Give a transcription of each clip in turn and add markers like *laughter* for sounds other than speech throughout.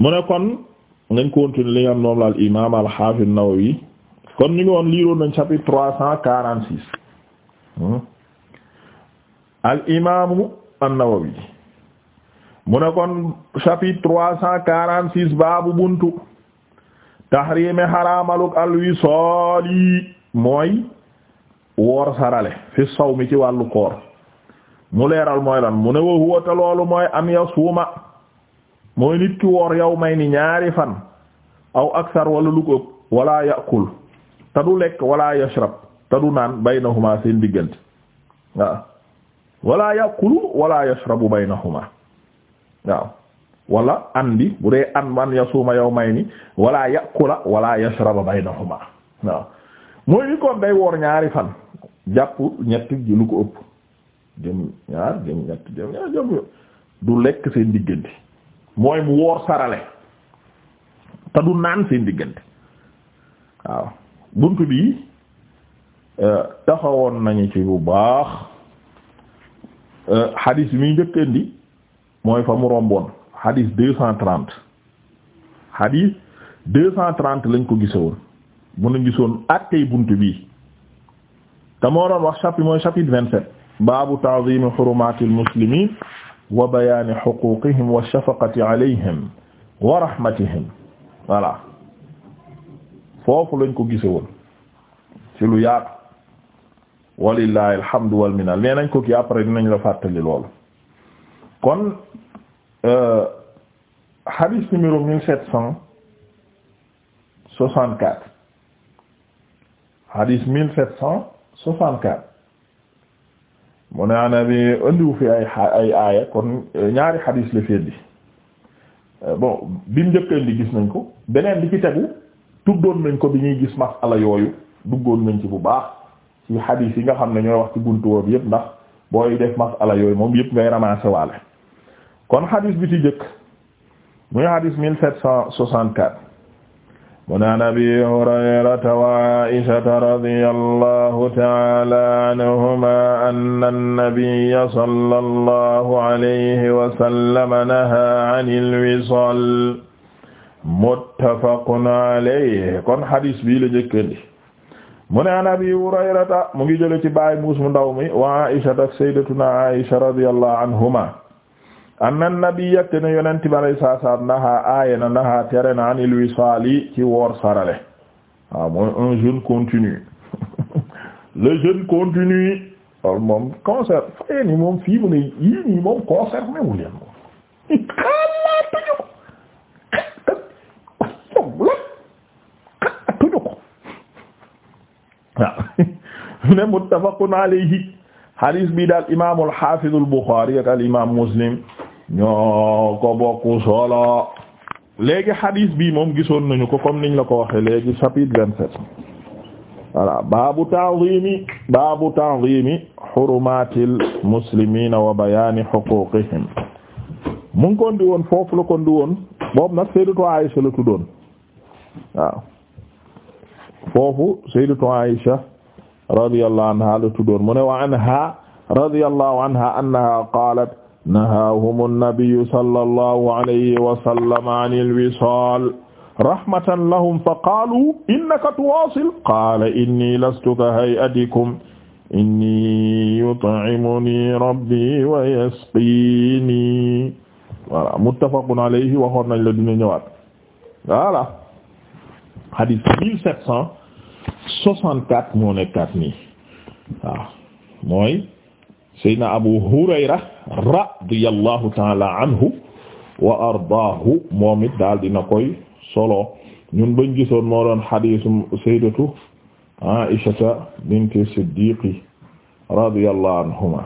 mu ne kon nañ continuer li nga xam noom la al imam al hafiz Nawawi kon ñu ngi woon liiroon nañ chapitre cent quarante six al imaamu an-Nawawi mu ne kon chapitre cent quarante six baabu buntu tahrime xaraamaluk alwisaali mooy woor sarale fi sawmi ci wàllu koor mu leeral mooy lan mu ne wa huwa loolu mooy an yasuuma mooy nit ki woor yow may ni ñaari fan aw aksar wala lu ko ëpp wala yàqul te du lekk wala yashrab te du naan baynahuma seen diggante waaw wala yàqulu wala yashrabu baynahuma waaw wala an bu dee an man yasuma yow may ni wala yàqula wala yashraba baynahuma waaw mooy nit kon day woor ñaari fan jàpp ñett ji lu ko ëpp jëm ñaar jëm ñett jëm ñaar jëm du lekk seen diggante mooy mu woor sarale te du naan seen diggante waaw bunt bi euh, taxawoon nañu ci bu baax euh, xadis bi muy njëkk mooy fa mu romboon xadis deux cent trente xadis deux lañ ko gisoon mun a gisoon àttey bunt bi te moo doon wax chapitre mooy chapitre vingt-sept baabu ta'zim hurumatil muslimin wa bayaani xuquuqihim wa shafaqati alayhim wa rahmatihim voilà foofu lañ ko gise woon ci lu yaatu walillahi alhamdu wal minna nee nañ ko ki après dinañ la fàttali loolu kon euh, hadis numéro mille sept cent soixante-quatre hadis mille sept cent soixante-quatre mu ne anabi andiwu fi ay ay aaya kon eh, ñaari xadiis la féet bi eh, bon bi mu njëkk indi gis nañ ko beneen bi ci tegu tuddoon nañ ko bi ñuy gis ala yooyu duggoon nañ ci bu baax ci xadiis yi nga xam ne ñooy wax ci buntu woobu yëpp ndax booy def masala yooyu moom yëpp ngay ramasser waale kon xadiis bi ci jëkk muy xadiis mille sept cent soixante-quatre mu naan abi hurayrata wa aishata radiyallahu ta'ala anhuma anna an-nabiyya sallallahu alayhi wa sallam naha 'anil wisal muttafaqun alayhi kon hadis bi la jëkkandi mu ne an abi hurayrata mu ngi jële ci baay muus mu ndaw mi wa aishata sayyidatuna aisha radiyallahu anhuma anna nabiyya te ne yonent bi alayhi salaatu na naha tere na anil wisaali ci woor sarale waaw ah, un jeûne continu *laughs* le jeûne continu loolu ah, moom concert fayeen yi moom mu ne yii nii concert newu leen moom xalaatuñu ko yow la xalaatuñu ko waaw *laughs* ne muttafaqun alayhi hadis bi daal imaamul xaafizul Buxaari ak al imaam Muslim ñoo ko bokku solo léegi hadith bi moom gisoon nañu ko comme niñ la ko waxee léegi chapitre vingt-sept voilà baabu ta'zimi baabu ta'zimi hurumatil muslimina wa bayani mu ngi kondi woon foofu la kondi woon boobu nag sayyidatu Aisha la tuddoon waaw foofu sayyidatu Aisha radiyallahu anha mu ne wa anha radiyallahu anha annaha qalat nahaahum annabiyu sala allahu alayhi wasallam an ilwisal rahmatan lahum fa qaalu innaka tuwaasil qaala inni lastu ka hay'atikum inni yut'imuni rabbi wa yasqini voilà muttafaqun alayhi waxoon nañ la dina ñëwaat voilà hadith mille sept cent soixante-quatre moo nekkaat nii waaw mooy saydna abu hurayra radiyallahu taala anhu wa ardaahu moom it daal koy solo ñun bañ gisoon moo doon xadisu saydatu aishata binti siddiqi radiyallahu anhuma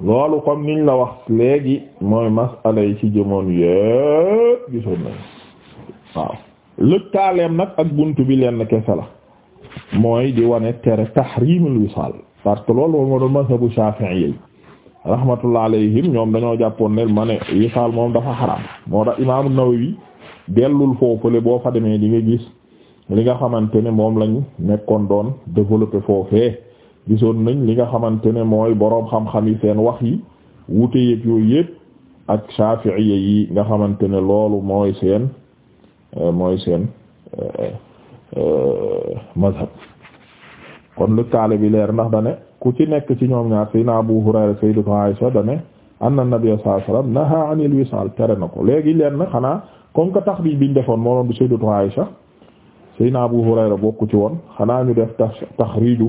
loolu comme niñ la wax léegi mooy masala yi ci jëmoon yépp gisoon nañ waaw lëkkaaleem nag ak buntu bi lenn kese mooy di wane tere tahrimul wisaal parce que loolu moo doon mazhabu Shafi'i yi rahmatullah ñoom dañoo jàppoon ne ma ne wisaal moom dafa xaraam moo tax imaamu Nawawi dellul foofule boo fa demee di nga gis li nga xamante ne moom lañ nekkoon doon développé foofee gisoon nañ li nga xamante ne mooy boroom xam-xam yi seen wax yi wuute yëpp yooyu yëpp ak Shafi'i yi nga xamante ne loolu mooy seen mooy seen euh, euh, mazhab kon lëkkaale bi leer ndax dane ku ci nekk ci ñoom ñaar sayna Abu Hurayra sayyidatu Aisha dane anna nabiyya sallallahu alayhi wasallam naha anil wisal tere na ko léegi leen na xanaa comme que tax bi biñ defoon moo doon bu sayyidatu Aisha sayna Abu Hurayra bokk ci woon xanaa ñu def tax taxriiju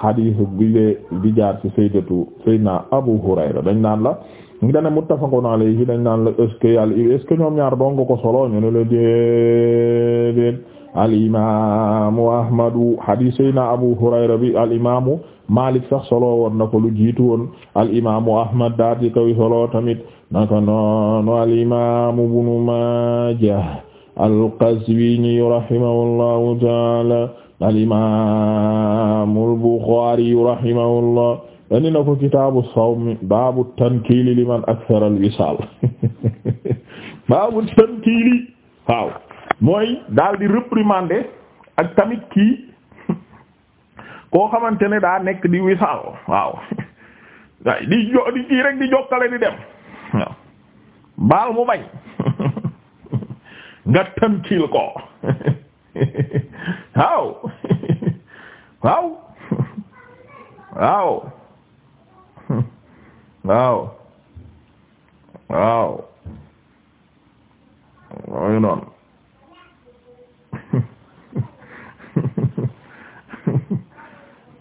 xadiis bi lee di jaar ci sayyidatu sayna Abu Hurayra dañ naan la ngi dane muttafaqun alayhi dañ naan la est-ce que yàlla est-ce que ñoom ñaar doon nga ko solo ñu ne la déedéet alimamu ahmadu hadis sayna abu hurayra bi alimamu malik sax solo woon na ko lu jiitu woon alimamu ahmad daa di koy solo tamit naka noonu alimamu ibnu maajah alqazwini rahimahullahu taala alimamu al-buxaari rahimahullah andi na ko kitaabu sawmi baabu tankiili liman akthara al-wisaal *laughs* baabu tankiili waaw mooy daal di réprimander ak tamit kii *laughs* koo xamante ne daa nekk di wisaal waaw *laughs* di jo di kii rek di jokkale di dem baal mu bañ *laughs* nga tënkiil ko waaw waaw waaw waaw waaw waaw noonu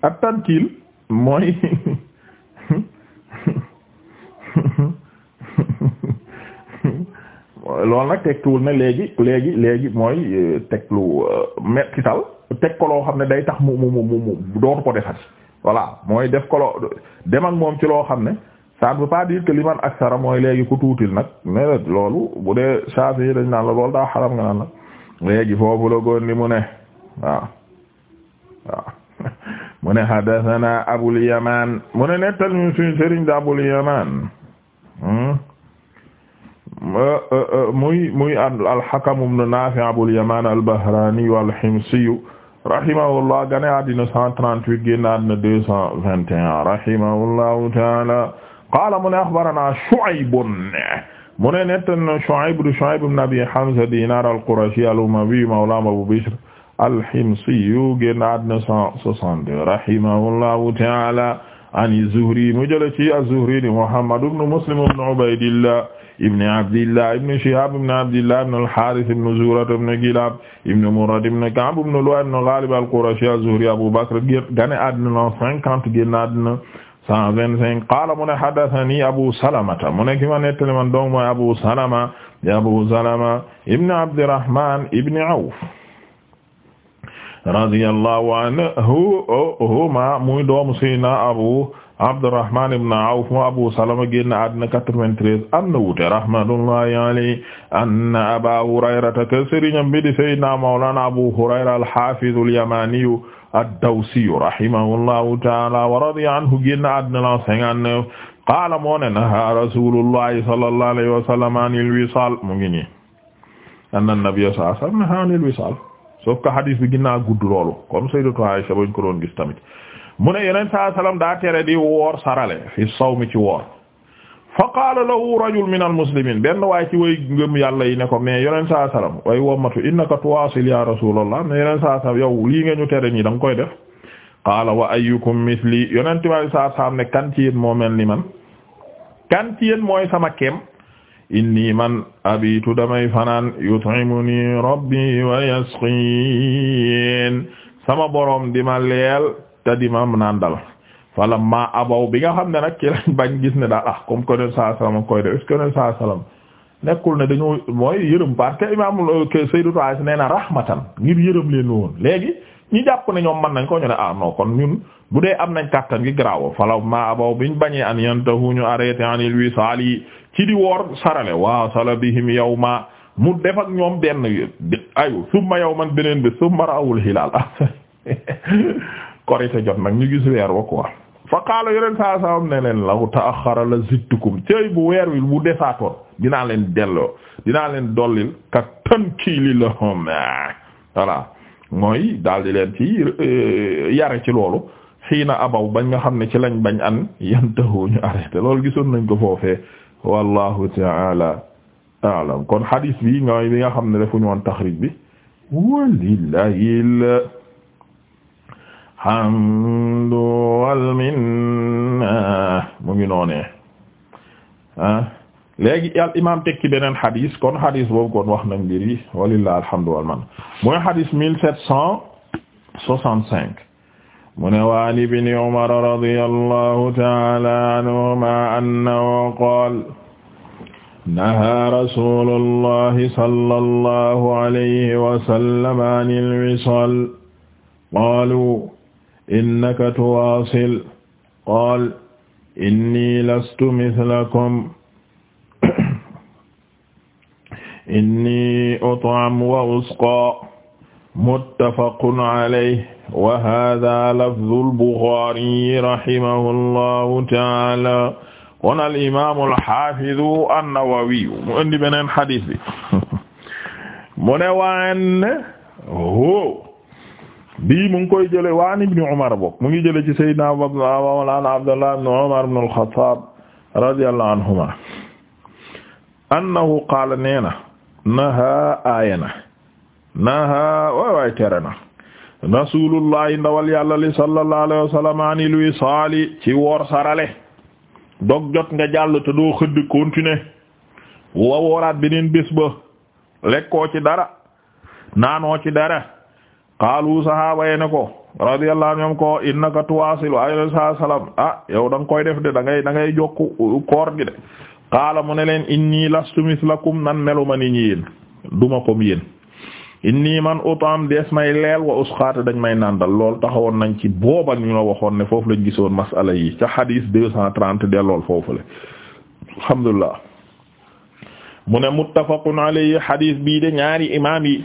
ak tankiil mooy loolu nag tegtuwul ne léegi léegi léegi mooy euh, teglu euh, mettital teg ko loo xam ne day tax mu mu mu mu dootu ko defati voilà mooy def ko loo moom ci loo xam ne ça ne veut pas dire que ak sara mooy léegi ku tuutil nag ne loolu bu dee changé yi dañ naan la loolu daa xaram nga naan la léegi foofu la góor ni mu ne waaw waaw mu ne hadathana Abul Yaman mu ne nettal ñu suñu sëriñ de Abul Yaman hmm? uh, uh, muy muy al-Hakam ibn Nafi' Abul Yaman al-Bahrani al-Himsi rahimahullah gane àddina 138 génn àddina 221 rahimahullahu ta'ala qaala mu ne akhbarana Shu'ayb mu ne nettal ñu Shu'ayb Shu'ayb ibn Abi Hamza Dinar al-Qurashi al-Umawi mawla Abu Bishr alximsiyu génn àddina cent soixante-deux rahimahullahu taala an Zuhri mu jële ci az-Zuhri di Muhammad ibn Muslim ibn Ubaydillah ibn Abdillah ibn Shihab ibn Abdillah ibn al-Harith ibn Zurah ibn Kilab ibn Murad ibn Ka'b ibn Lu'ay ibn Ghalib al-Qurashi az-Zuhri Abu Bakr génn àddina l'an cinquante génn àddina cent vingt-cinq qaala mu ne haddathani Abu Salamata mu ne ki ma nettali man donc mooy Abu Salama di Abu Salama ibn Abdirrahman ibn Awf radiyallahu anhuma muy doomu Seydina Abu Abdurrahman ibn Awf mu Abu Salama génn àddina 93 am na wuute rahmatullahi alayhi anna Aba Hurayrata ka sëriñam bi di Seydina Mawlana Abu Hurayra al-Hafiz al-Yamani ad-Dawsi rahimahullahu ta'ala wa radiya anhu génn àddina la 59 qaala moo ne naha rasulullahi sallallahu alayhi wa sallam anil wisal mu ngi nii anna nabiyya sallallahu alayhi wa sallam naha anil wisal sauf que hadis bi ginnaa gudd loolu comme sayyidatu Aisha bañ ko doon gis tamit mu ne yeneen saa salaam daa tere di woor sarale fi sawmi ci woor fa qaala lahu rajul min al benn waay ci way ngëm yàlla yi ne ko mais yeneen saa salaam way wommatu innaka tuwasil ya rasulallah mais yeneen saa salaam yow lii nga ñu tere nii da koy def qaala wa ayyukum mithli yeneen saa salaam ne kan ci yéen moo mel ni man kan ci yéen sama kem inni man abitu damay fanaan yut'imuni rabbi wa yasqin sama boroom di ma leel te di ma nandal wala ma abaw bi nga xam ne nag ci lañ bañ gis ne daal ah comme que ne saa salaam koy def est-ce que ne saa salaam nekkul ne dañoo mooy yërëm parce que imaam Seydou Touare si nee na rahmatan ngir yërëm leen woon léegi ñi jàpp ne ñoom mën nañ ko ñu ne ah kon ñun bu dee am nañ kàttan gi garaaw falaw ma abaw biñ bañee an yantahu ñu arrêté anil wisaal yi ki di woor sarale waaw sala bihim ma mu def ak ñoom benn ayu summa yawman beneen bi summa raawul hilaal *laughs* korite jot nag ñu gis weer wa quoi fa qaala yoneen saa saam ne leen law ta'akhkhara la zidtukum tey bu weer wi bu defaatoon dinaa leen delloo dinaa leen dollil ka tankiili lahum voilà mooy daldi leen ci eh, yare ci loolu xiina abaw bañ nga xam ne ci lañ bañ an yantahu ñu arrêté loolu gisoon nañ ko foofee wallahu taala aalam kon hadis bi mooy bi nga xam ne defuñu woon taxrij bi walillahil hamdu wal minna mu ngi noonee ah léegi al imam tekki beneen hadis kon hadis boobu kon wax nañ mbir yi walillahi alhamdu wal minna mooy hadis mille sept cent soixante-cinq mu ne waan ibni umar radiyallahu ta'ala anhuma annahu qaala nahaa rasuulullahi sallallahu alayhi wa sallam anil wisaal qaaluu innaka tuwaasil qaala innii lastu mislakum innii ut'amu wa usqaa muttafaqun alayhi wa hada lafdul Buxaari rahimahullahu taala kon al imaamu alxaafidu annawawiyu mu indi beneen xadis bi *laughs* mu ne waan ho bii mu ngi koy jële waan ibni Umar bokk mu ngi jële ci sayyidina mawlaana Abdullah ibn Umar ibn al-Xattaab radiyallahu anhuma annahu qaala nee na nahaa aayana nahaa waay waay tere na rasulullahi ndawal yàlla li sallallahu alayhi wa sallam ani luy saali ci woor sarale dog jot nga jàll te doo xëdd continuer wa wooraat beneen bés ba lekkoo ci dara naanoo ci dara qaalu sahaaba yi ne ko radiyallahu anhum ko innaka alayhi salaam ah yow da koy def dangay dangay ngay da jokku koor gi de qaala mu ne leen inni lastu mislakum nan melu ma ni ñi yéen duma comme yéen inni man utam dees may leel wa usxaata dañ may nandal lool taxawoon nañ ci booba ñu waxoon ne foofu lañ gisoon masala yi ca xadiis deux cent trente dellool foofu le alhamdulillah mu ne muttafaqun alayhi xadiis bii de ñaari imaam yi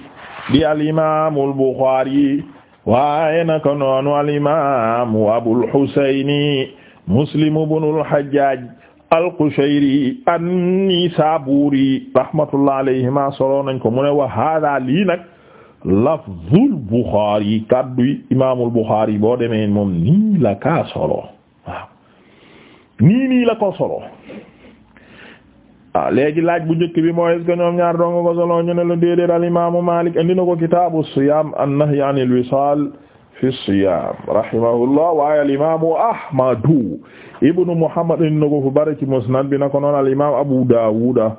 di al imaamul Buxaari waaye naka noonu al imaam Abul Xusayni Muslim Xajjaaj al-Qushayri an-Nisaburi rahmatullah alayhima solo nañ ko mu ne wa hada lii nag lafzul kaddu imaamul Bukhari boo demee moom nii la kaa solo waaw nii nii la ko solo waaw léegi laaj bu njëkk bi mooy est-ce ñoom ñaar doon ko solo ñu ne la déedéet al imaamu Malik indi na ko kitaabu siyaam an-nahyi anil wisaal fi siyaam rahimahullah waaye alimaamu ahmadu ibnu muhammad inna ko fu bari ci musnad ko noon alimaam abu daawuda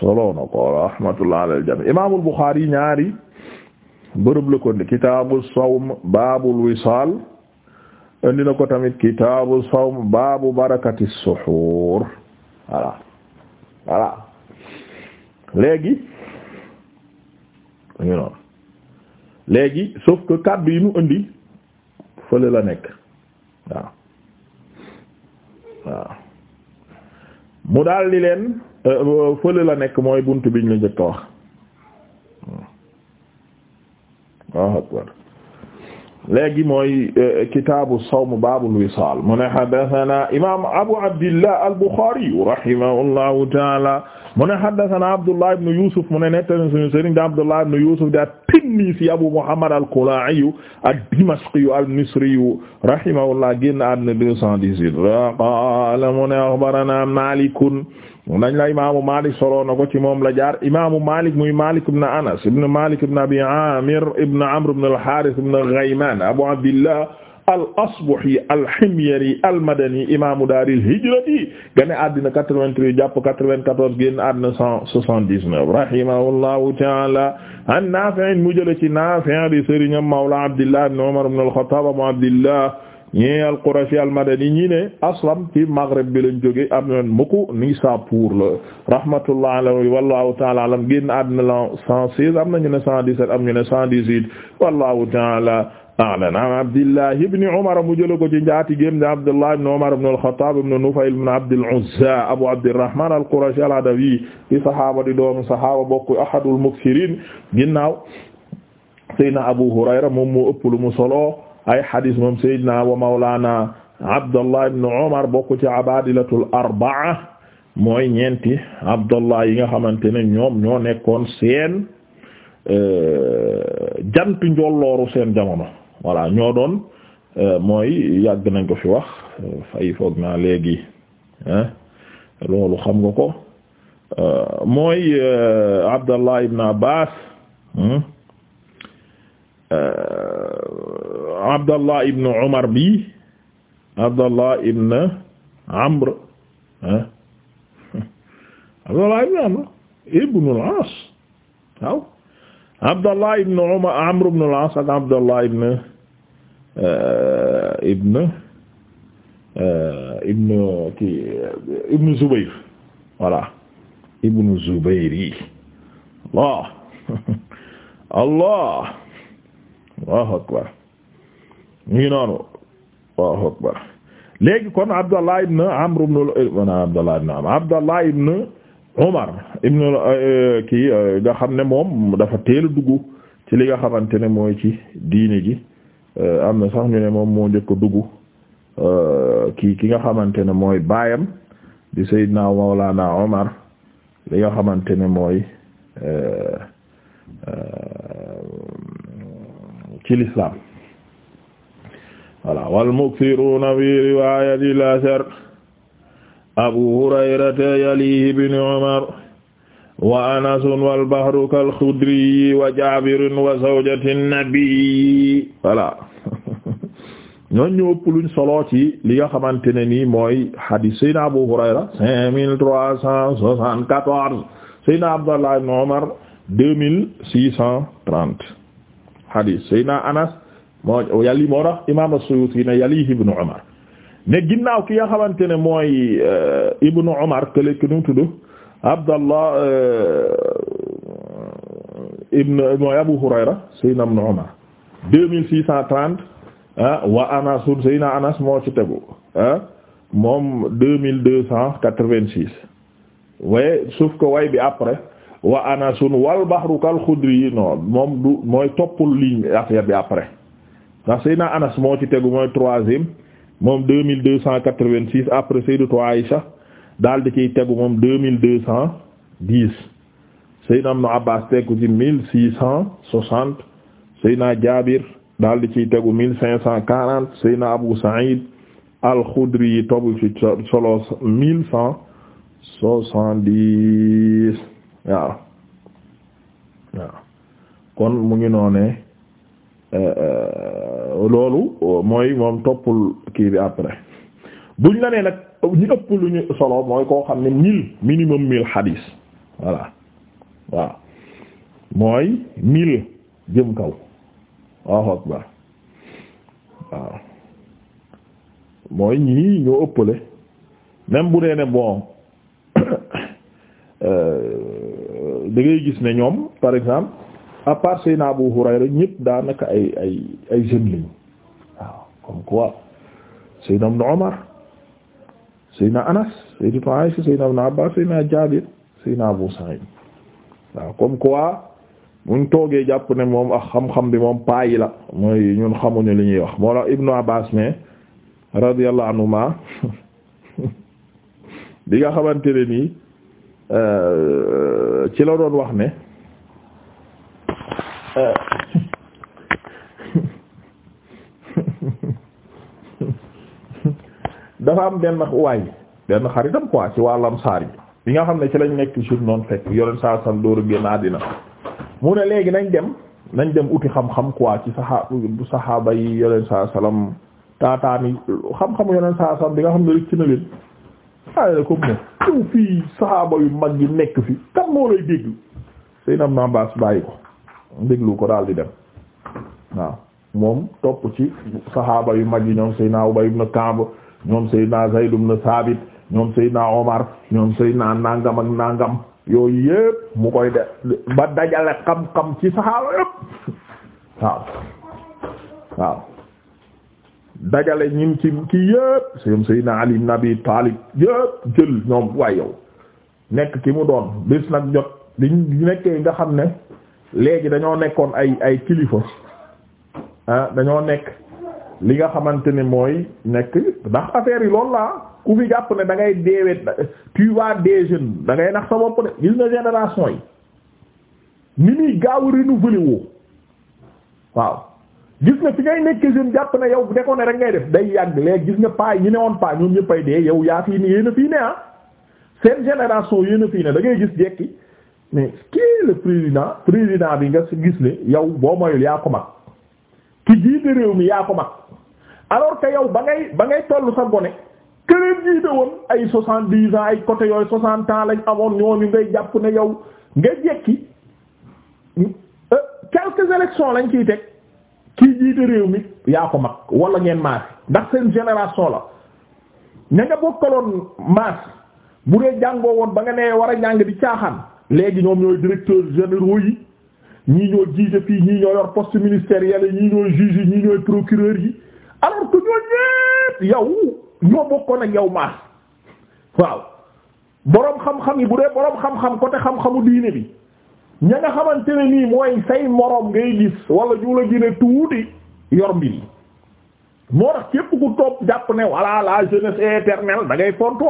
solo na ko rahmatullah ala aljami imaamul buxaari ñaari bërëb la kitaabu sawm tamit kitaabu sawm baabu barakati suxuur voilà léegi sauf que kàddu yi mu indi fële la nekk waaw mu daldi leen euh, fële la nekk mooy bunt biñ la njëkk a wax waaw akbar léegi mooy euh, kitaabu sawm baabul wisaal mu ne haddasanaa imaam abu abdillah al-Buxaari rahimahullahu ta'aala mu ne haddasanaa Abdullah ibn Yuusuf mu ne nettali sunu sëriñ Abdullah ibn Yuusuf at-Tinnisi Abu Muhammad al-Kalaa'i ad-Dimashqi al-Misri rahimahullah génn àddina deux cent dix-huit qaala mu ne axbaranaa Maalikun nañ la imaamu Maalik solo na ko ci moom la jaar imaamu Maalik muy Maalik ibn Anas ibn Maalik ibn Abi Aamir ibn Amr ibn al-Haaris ibn Ghaymaan Abu Abdillah al-Asbahi al-Himyari al-Madani imaamu daaril hijrati gane àddina 93 jàpp 94 génn àddina 179 rahimahullahu ta'ala an Naafi' mu jële ci Naafi' di sëriñam mawla Abdillah ibn Umar al-Khattab Abu Abdillah ñi al-Qurashi al-Madani ñi ne aslam ci Maghrib bi lañ jóge am na mukk Nisapur la rahmatullah alayhi wallahu ta'ala alam génn àddina la 116 am na ñu ne 117 am ñu ne 118 wallahu ta'ala a'lan an Abdillahi ibn Umar mu jëloon ko ci njaatigéem di Abdullah ibn Umar ibn al-Khattab ibn Nufayl ibn Abd al-Uzza Abu Abdirrahman al-Qurashi al-Adawi di saxaaba di doomu saxaaba bokk ahadul muksirin ginnaaw Seydina Abu Hurayra moom moo ëpp lu mu solo ay hadis moom Seydina wa Mawlana Abdullah ibn Umar bokk ci abaadilatul arba'a mooy ñeenti Abdullah yi nga xamante ne ñoom ñoo nekkoon seen euh, jantu njolloru seen jamono. voilà ñoo doon euh, mooy yàgg nañ ko fi wax fay foog naa léegi loolu xam nga ko euh, mooy euh, Abdallah ibn Abbas hmm, Abdallah ibn bi Abdallah Amr Abdallah ibn Amr *laughs* ibn al-As Abdallah ibn Umar Amr ibn al-As ak Abdallah ibn euh, ibn euh, ibn kii ibn Zubayr voilà ibn Zubayr yi Allah *laughs* Allah Allahu akbar ñu ngi noonu Allahu akbar léegi kon Abdallah ibn Amr ibn euh, Abdallah ibn Amr Abdallah ibn Omar ibn euh, kii euh, nga xam ne moom dafa teel a ci li nga xamante ne mooy ci diine gi euh, am na sax ñu ne moom moo njëkk a dugg kii ki nga xamante ne mooy baayam di Seydina Mawlana Omar li nga xamante ne mooy ci l'islam voilà wal muksiruna bi riwayatil asar abu hurayrata yalihi ibnu umar wa anasun walbahru kalxudriyi wa jabirin wa zawjati nabii voilà *laughs* ñoon ñu ëpp luñ solo ci li nga xamante ne nii mooy hadis saydna abu hurayra cinq mille trois cent soixante-quatorze saydna abdallah ibn umar deux mille six cent trente hadis saydna anas moo yali moo tax imam as-suyuti ne yalihi ibnu umar ne ginnaaw ki nga xamante ne mooy euh, ibnu Umar kële ki nu tudd Abdallah euh, ibn mooy Abu Hurayra sayyidina ibnu Umar deux mille six cent trente ah, wa Anas sayyidina Anas moo ci tegu ah, moom deux mille deux cent quatre-vingt-six way bi après wa anasun wal bahru kal xudri yi non moom mooy toppul ligne affaire bi après ndax Seydina Anas moo ci tegu mooy troisième moom deux mille deux cent quatre-vingt-six après daal di ci tegu moom deux mille deux cent dix sayyidna Ibn Abbas tegu ci mille six cent daal di ci tegu mille cinq cent quarante sayyidna Abu Sa'id al-Khudri yi tobu ci solo mille cent kon mu ngi noone euh, euh, loolu mooy moom toppul kii bi après buñ la nee nag ñu ëpp lu ñu solo mooy koo xam ne mille minimum mille xadiis voilà waaw mooy mille jëm kaw waaw akbar waaw mooy ñii ñoo ëppale même bu dee ne bon *coughs* euh, da ngay gis ne ñoom par exemple à part Seydina Abu Hurayra ñëpp daanaka ay ay ay jeunes lañ waaw comme quoi Seydina Ibn Umar Seydina Anas Seydina Aïcha Seydina Ibn Abbas Seydina Jaabir Seydina Abu Sa'id waaw comme quoi muñ toogee jàpp ne moom ak xam-xam bi moom paayi la mooy ñun xamuñu li ñuy wax moo la Ibn Abbas mais radiyallahu anhuma *laughs* bi nga xamante ne nii euh, ci la doon wax ne *laughs* dafa am benn waay benn xaritam quoi ci wàllam saar yi bi nga xam ne ci lañ nekk jour noonu fekk yoneen saa san dóoru génn àddina mu ne léegi nañ dem nañ dem uti xam-xam quoi ci saxaa bu saxaaba yi yoneen saa taataani xam-xam yoneen saa bi nga xam ne rek ci na leen aayla comme ne yow fii saxaaba yu mag yi nekk fi kan moo lay dégg sëy nam na baas bàyyi ko déglu ko daal di dem waaw moom topp ci saxaaba yu mag yi ñoom Seydina Ubay ibn Ka'b ñoom Seydina Zayd ibn Thabit ñoom Seydina Omar ñoom Seydina nangam ak nangam yooyu yëpp mu koy def ba dajale xam-xam ci saxaaba yëpp waaw waaw dajale ñim ci kii yëpp ñoom Seydina Ali ibn Abi jël ñoom waay yow nekk ki mu doon bis nag jot di nekkee nga xam ne léegi dañoo nekkoon ay ay kilifa ah dañoo nekk li nga xamante ne mooy nekk ndax affaire yi loolu laa ku fi jàpp ne da ngay deewee tu vois des jeunes da ngay nax sa bopp de gis nga génération yi ni muy gaaw a renouveler woo waaw gis nga fi ngay nekk jeune jàpp ne yow bu ko ne rek ngay def day yàgg léegi gis nga paa ñu ne woon paa ñoom ñëppay dee yow yaa fii ne yéen a fii ne ah seen génération yéen a fii ne da gis jekki mais le président président bi nga gis ne yow boo moyul yaa ko mag ki jiite réew mi yaa ko mag alors que yow ba ngay ba ngay toll sa bone këleen jiite woon ay soixante dix ans ay côté yooyu soixante ans lañ amoon ñooñu ngay jàpp ne yow nga jekki euh, quelques élections lañ ciy teg kii jiite réew mi yaa ko mag wala ngeen maas ndax seen génération la ña nga bokkaloon maas bu dee jàngoo woon ba nga nee war a jàng di caaxaan léegi ñoom ñooy directeur généraux yi ñii ñoo jiite fii ñii ñoo yor poste ministériel yi ñii ñooy juge yi ñii ñooy procureur yi alors que ñoo ñépp yow ñoo bokkoon ak yow maas waaw boroom xam-xam yi bu dee boroom xam-xam côté xam-xamu diine bi ña nga xamante ne nii mooy say moroom ngay gis wala ñu la gën a tuuti yor mbir moo tax képp ku topp jàpp ne voilà la jeunesse éternelle da ngay fontu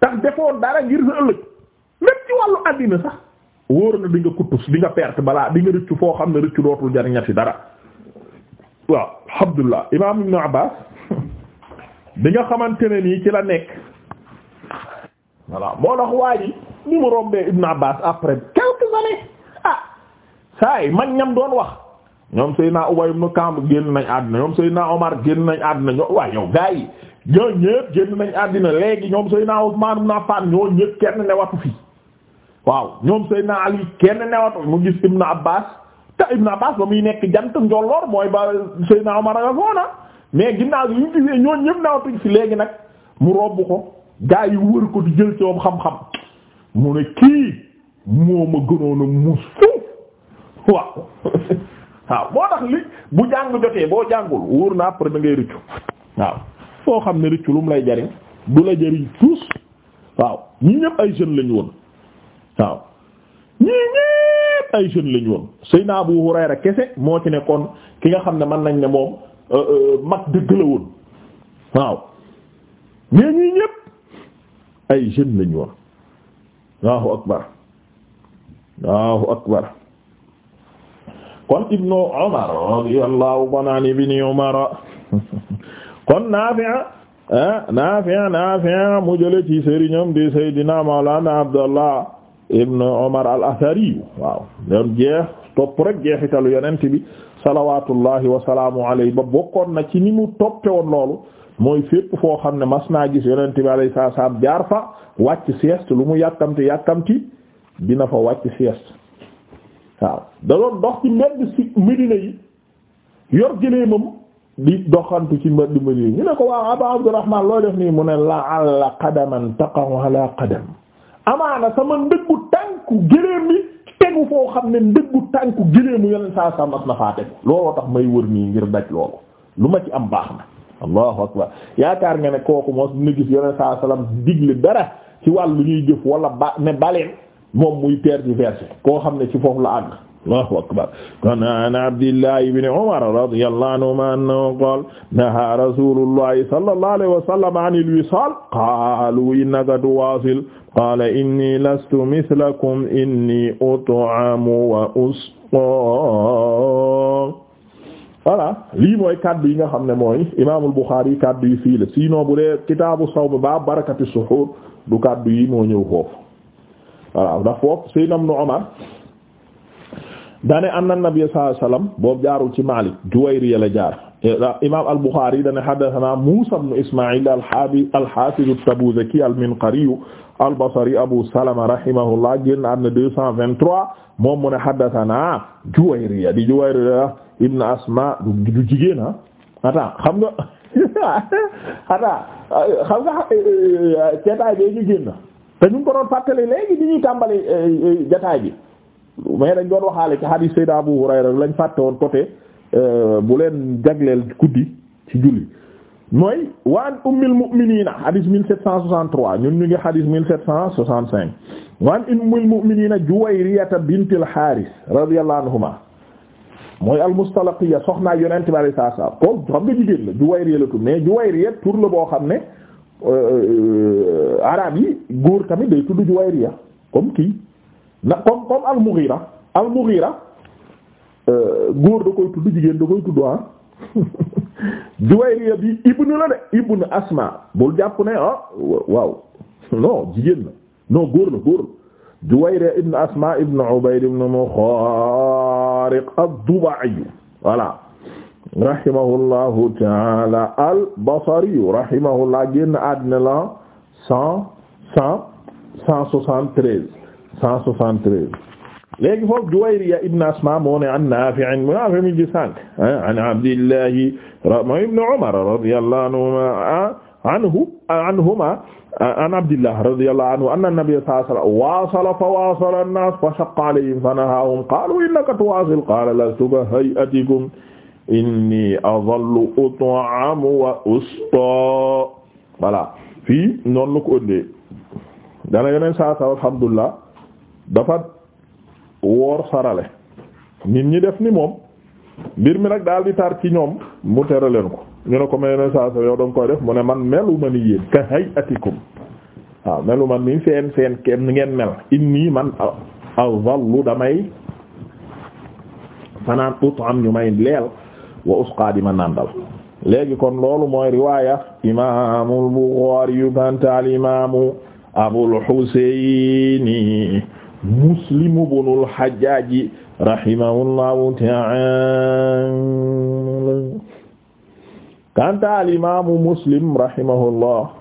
tax defoon dara ngir sa ëllëg. wàllu àddina sax wóor na di nga kuttus di perte balaa di nga rëccu foo xam ne rëccu dootul jariñati dara waaw alhamdulillah imaam ibnu Abbaas bi nga xamante ne nii ci la nekk voilà moo tax waa ni mu rombee ibnu Abbaas après quelques années ah saa yi mag ñam doon wax ñoom Seydina Ubay ibnu Kaab génn nañ àddina ñoom Seydina Omar génn nañ àddina ñoo waaye yow gaa yi àddina léegi ñoom Seydina Usmaan ibnu Affaan ñoo ñëpp kenn newatu fii waaw ñoom Seydina Ali kenn newatu mu gis Ibn Abbas te Ibn Abbas ba muy nekk jant njolloor mooy ba Seydina naa nga foona mais ginnaaw yu ñu gisee ñooñu ñëpp newatuñ ci léegi nag mu robb ko gaa yi wër ko di jël ci moom xam-xam mu ne kii moo ma gënoon a muus foofu waaw *laughs* waaw moo tax li bu jàng jotee boo jàngul wóor na après da rëccu waaw foo xam ne rëccu lu mu lay jariñ du la jariñ tous waaw ñi ñëpp ay jeunes lañu woon. waaw ñii ñépp ay jeunes lañu woon Seydina Abu Hurayra kese moo ci nekkoon ki nga xam ne mën nañ ne moom euh, euh, mag dëgg la woon waaw mais ñii ñépp ay jeunes lañu woon Allahu akbar Allahu akbar kon ibnu Umar radiyallahu anhu ibni Umar kon Naafi' ah, Naafi' Naafi' mu jële ci sëriñam di Seydina Mawlana Abdallah ibn Umar al-Athari waaw doon jeex topp rek jeexitalu yonent bi salawaatullahi wa salaamu alayhi ba bokkoon na ci ni mu toppe woon loolu mooy fépp foo xam ne mas naa gis yonent bi alayhi salaam jaar fa wàcc sieste lu mu yàkkamti yàkkamti dina fa wàcc sieste waaw da doon dox ci mbedd si Medina yi yor gëléemam di doxantu ci mbedd Medina ñu ne ko waaw Abaa Abdurrahmaan looy def nii mu ne la ala qadaman taqa'u ala qadam amaana sama ndëggu tànku gëléem yi tegu foo xam ne ndëggu tànku gëléemu yeneen saa saa mas na faa tegu looloo tax may wër nii ngir daj loolu lu ma ci am baax na allahu akbar yaakaar nga ne kooku mos na gis yeneen saa salaam digle dara ci wàll wàllu ñuy jëf wala ba ne baleen moom muy tergiversé koo xam ne ci foofu la àgg Allahu akbar kon an Abdillahi ibn Umar radiyallahu anhuma annahu qaala nahaa rasuulullahi sallallahu alayhi wa sallam anil wisaal qaalu innaka tuwaasil qaala inni lastu mithlakum inni ut'amu wa usqaa voilà lii mooy kaddu yi nga xam ne mooy imaamul Buxaari kaddu yi fii la sinon bu dee kitaabu sawm ba barakati suxuur du kaddu yi moo ñëw foofu voilà ndax foofu Seydina Ibn Umar dane anna nabiy sallallahu alayhi wasallam boobu jaarul ci Maalik Juwayriya la jaar imaam al-Bukhari dane haddathana Muusaa ibn Ismaa'iil al-Haabi al-Haafid at-Tabuudhaki al-Minqari al-Basri Abu Salama rahimahullah génn na 223 moom mu ne haddathana Juwayriya di Juwayriya ibn Asmaa du jigéen ah attends xam nga *laughs* attends xam euh, euh, euh, mais dañ doon waxaale ci hadith Sayyid Abu Hurayra lañ fàtte woon côté euh, bu leen jagleel guddi ci julli mooy wa an ummil mu'minina hadith 1763 ñun ñu ngi hadith 1765 wa an ummil mu'minina Juwayriyata bintil Harith radiyallahu anhuma mooy al-Mustalaqiya soxnaa yonent bi saa saa ko xam nga jigéen la Juwayriya la tudd mais Juwayriya tur la boo xam ne euh, araab yi góor tamit day tudd Juwayriya comme kii. na comme comme al-Mughira al-Mughira euh, góor da koy tudd jigéen da koy tudd ah *laughs* Juwayriya bi ibnu la de ibnu Asma bul jàpp ne ah waaw *laughs* non jigéen la non góor la góor la Juwayriya ibnu Asma ibnu Ubayd ibnu Mukhariq ad-Duba'i voilà rahimahullahu ta'ala al-Basri rahimahullah génn àddina la cent cent cent soixante-treize cent soixante-treize léegi foofu Juwayriya ibn Asma moo ne an Naafi' mu Naafi' mi gi sànq ah, an Abdillahi ma ibn Umar radiyallahu anhuma ah, anhu anhuma an Abdillah radiyallahu anhu anna nabiyya sallallahu alayhi wasallam waasala fa waasala an-naas fa shaqqa alayhim fa nahaahum qaalu innaka tuwaasil qaala lastu ka hay'atikum inni adallu ut'amu wa usqaa voilà fii noonu la ko ëndee dana yeneen saa sa alhamdulillah dafa woor sarale nit ñi def ni moom mbir mi nag daal di tar ci ñoom mu tere leen ko ñu ne ko may ma ni yéen ka hay atikum waaw melu ma ni seen seen kenn ngeen mel inni man avallu damay fanaan utam ñu may leel wa usqa di ma nàndal léegi kon loolu mooy riwaaya imaamul Buxaari yu imaamu Abul Huseyni Muslim ibnul Hajjaaj rahimahullahu ta'aala kanta al imaamu Muslim rahimahullah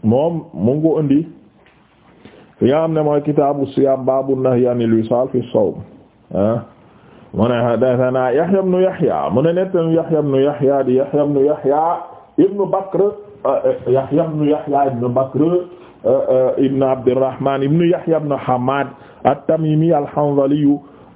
moom mu ngi ko indi fi nga xam ne mooy kitaabu siyaam baabu nahyi anil wisaal fi sawm ah, mu ne haddathanaa Yahya ibnu Yahya mu ne nettanu Yahya ibnu Yahya di Yahya ibnu Yahya ibnu Bakr ah, eh, Yahya ibnu Yahya ibnu Bakr ibn Abdurrahman ibn Yahya ibn Hamad at-Tamimi al-Hanzali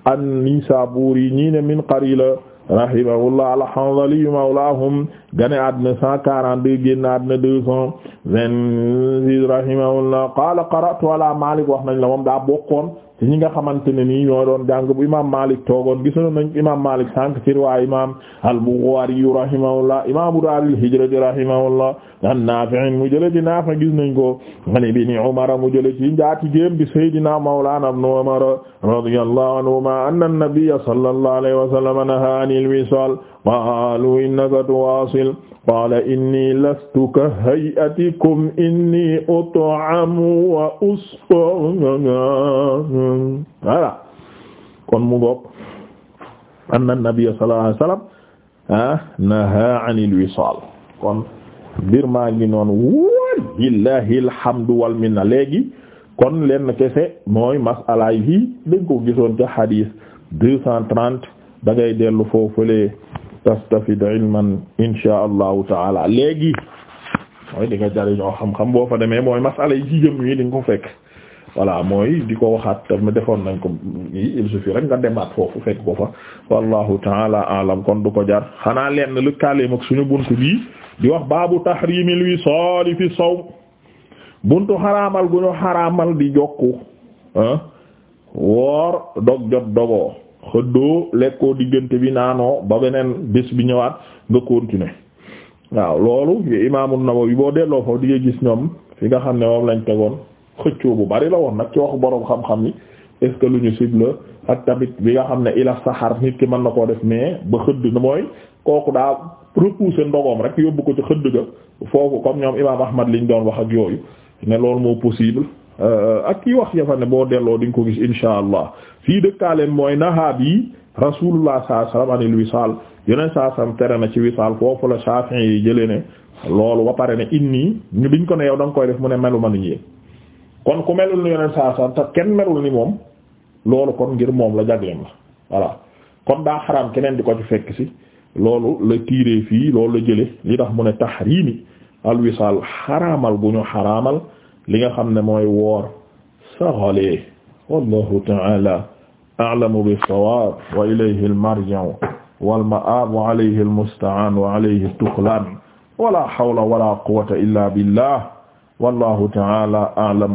an-Nisaburi ñi ne min Qarila rahimahullah al-Hanzali mawlahum gane àddina cent quarante-deux génn àddina deux cent vingt-six rahimahullah qala qara'tu ala Malik wax nañ la moom daa bokkoon ci ñi nga xamante ne nii ñoo doon jàng bu imaam Malik toogoon gisoon nañ imaam Malik sànq ci riwaay imaam al-Bukhari rahimahullah imaamu daaril hijrati rahimahullah an Naafi' mu jële ci Naafi' gis nañ ko ani ibni Umar mu jële ci njaati géem bi Seydina Mawlana ibn Umar radiyallahu anhuma anna an-nabiyya sallallahu alayhi wa sallam nahaa anil wisaal qaalu innaka tuwaasil qaala inni lastu ka hay'atikum inni ut'amu wa usqa voilà kon mu ngoog anna nabiyya sallallahu alayhi wasallam ah naha kon mbir maa ngi noonu walillahi alhamdu wal minna léegi kon lenn kese mooy masala yi dañ ko gisoon ca hadith deux cent trente da ngay dellu foofule tastafid ilman insha allahu taala léegi mooy di nga jariñoo xam mooy masala yi ci fekk voilà mooy di ko waxaat tam defoon nañ ko il suffit rek nga demaat foofu fekk ko fa wallahu taala alam kon du ko jar xanaa lenn lu kaaleem ak suñu bunt bii di wax baabu tahrimil wisaal fi sawm buntu xaraamal gu ñu xaraamal di jokku woor dog jot dogoo xëddoo lekkoo diggante bi naanoo ba beneen bis bi ñëwaat nga continuer waaw loolu imaamu Nawawi boo delloo foofu di gis ñoom fi nga xam ne moom lañ tegoon xëccoo bu bari la woon nag ci waxu boroom xam-xam yi est lu ñu cible ak tamit bi nga xam ne ila saxaar nit ki man na koo def mais ba xëdd na mooy kooku daa repousser ndogoom rek yóbbu ko ci xëdd ga foofu comme ñoom imam ahmad liñ doon wax ak yooyu ne loolu moo possible euh, ak kii wax yafa ne boo delloo di nga ko gis insha allah fii dëkkaaleen mooy nahaab yi rasulullah sallallahu alayhi wasallam anil wisaal yeneen saa sam tere na ci wisaal foofu la Shafi'i yi jëlee loolu ba pare ne inni ñu ko ne yow da nga koy def mu ne melu ma ni kon ku melul ni yonent saa kenn melul ni moom loolu kon ngir moom la jagleem la voilà kon daa xaraam keneen di ko ci fekk si loolu la tiiree fii loolu la jële li tax mu ne taxriimi alwisaal xaraamal bu ñu xaraamal li nga xam ne mooy woor saxalee wallahu ta'ala a'lamu bis-sawaab wa ilayhi al-marji'u wal ma'aab wa alayhi ta'ala a'lam